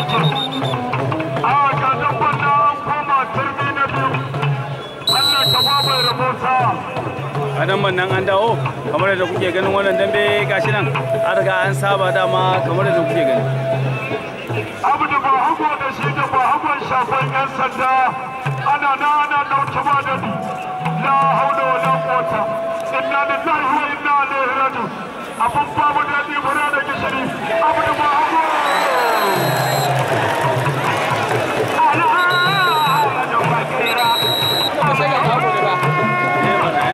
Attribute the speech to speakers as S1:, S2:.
S1: a
S2: nan man nan an dawo kamar yadda kuke ganin wannan dambe gashi nan an riga an saba dama kamar yadda kuke gani
S3: abu da ba hago da shi da ba hagon shafan yan sanda ana na ana dauke ba da ni la haula wa la quwwata inna lillahi wa inna ilaihi raji'un abun babu da ni fara da gishiri